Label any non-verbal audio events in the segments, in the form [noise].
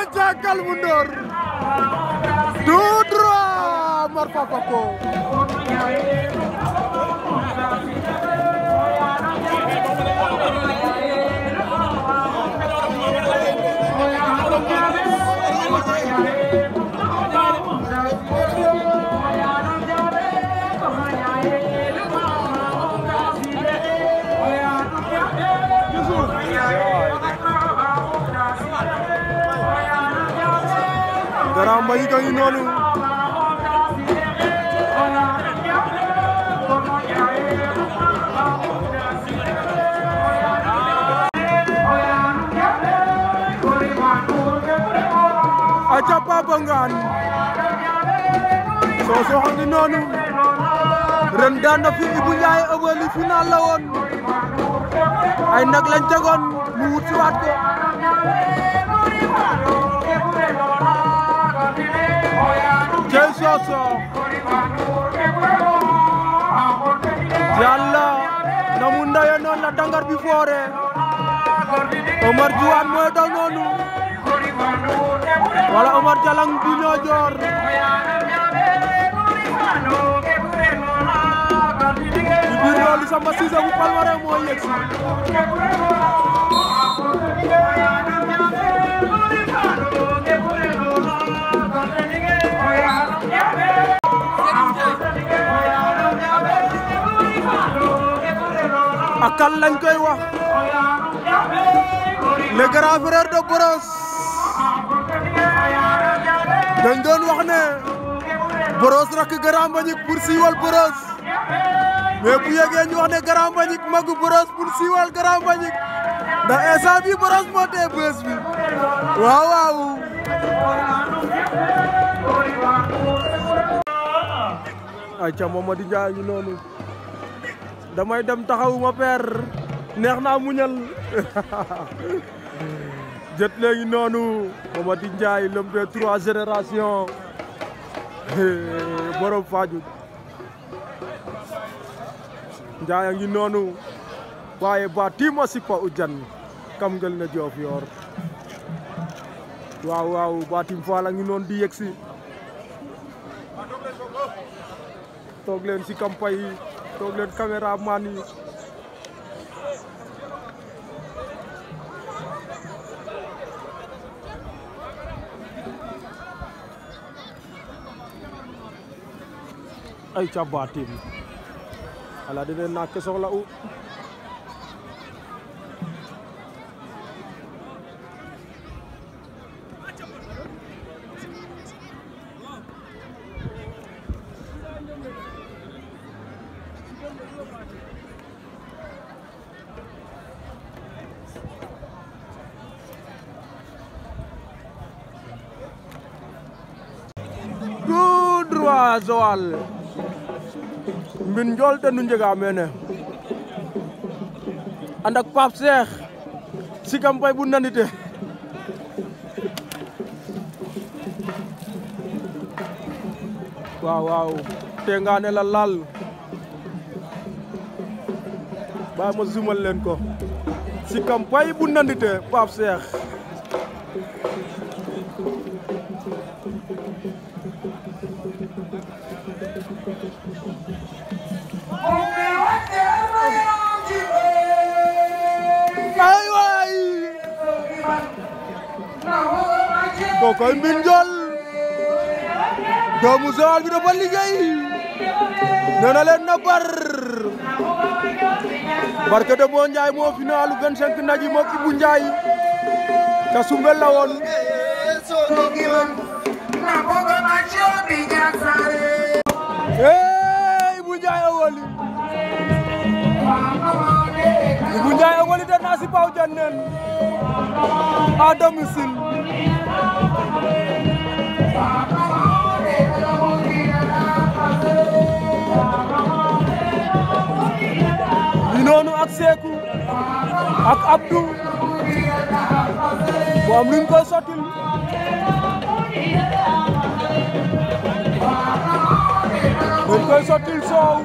Gandia Kalbu Ndoor tout droit Mor Fafako Samba yi kañ noonu aca Papa Ngane a ngi noonu ren daan na fi Ibou Ndiaye la ay nag lañ tegoon mu wut si waat ko Rosso Yàlla na mu ndaye la dangar bi foore Omar Diouane mooy daw noonu wala Omar Jalang bu ñoo joor ci biir loolu Samba Cissé bu Palmarin moo yegsi kan lañ koy wax le grand frère de Bross dañ wax ne Bross rakk Grand Mbagnick pour siiwal Bross mais bu yegee wax ne Grand Mbagnick magu Bross pour siiwal Grand Mbagnick ndax instant bi Bross moo tee bés bi waaw waaw ay ca Mamadi Njaay ñu noonu damay dem taxawuma ma per naa muñal [laughs] jët léegi nonu, Mamady Ndiaye l'homme des trois generation [laughs] borom faju Ndiaye ngi nonu waye ba si ujan kam ngel ne joof yoor waaw waaw Batim fa la ngi non di yegsi tok len si campagne toog leen caméraman yi ay ca ala dina nak soxla u waa Joal mbin njool te nu njega mene ànd ak Pape Cheikh sikam fay bu nanite waaw waaw te nga ne la laal ma zumal leen ko sikam fay bu nanite Pape Cheikh kokoy Mbinjol doomu Joal bi dafa liggéey nee na leen na bar barke de boo Njaay moo finalu 25 naji moo Ibou Ndiaye ca Sumbel la woon Ibu Ndiaye Awally Ibu Ndiaye Awally def na si Paw Diannen à domicile ak Seeku ak Abdou moom luñ koy koy sottil soow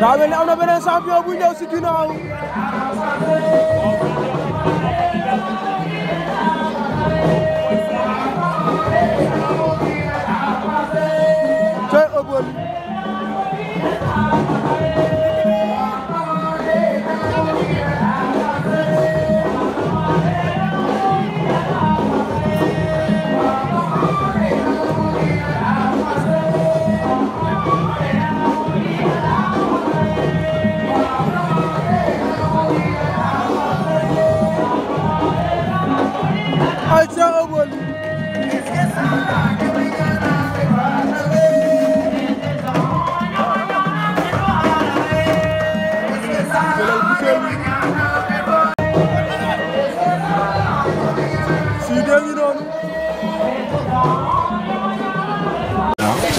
daa mel ni am na beneen champion bu ñëw si ginnaaw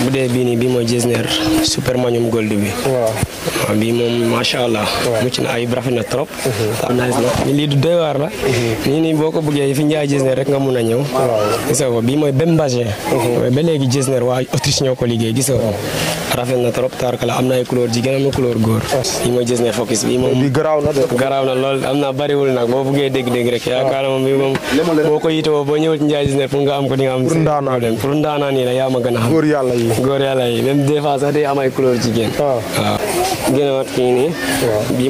bu dee bii nii bii mooy Gold bi. waaw bii moom macha allah. mucc na ayib rafet na trop. am mhm. na lii du doy waar la. nii mhm. nii boo ko bëggee fi njaay Getzner rek nga mun a ñëw. gis nga ko bii mooy Bembagé. Mhm. léegi Getzner waa Autriche ñoo ko liggéey gis rafet na trop tarkala am na ay couleur jigéen am na couleur góor yi mooy gis ne focus bi moom bi boo buggee dégg-dégg rek yaakaar na moom bi moom boo ko yitewoo boo ñëw ci Ndiaye ne pour nga ko di nga am problème pour la yaa ma gën a yi góor yàlla yi même des fois sax day am ay couleur jigéen ah. waaw génnawaat kii nii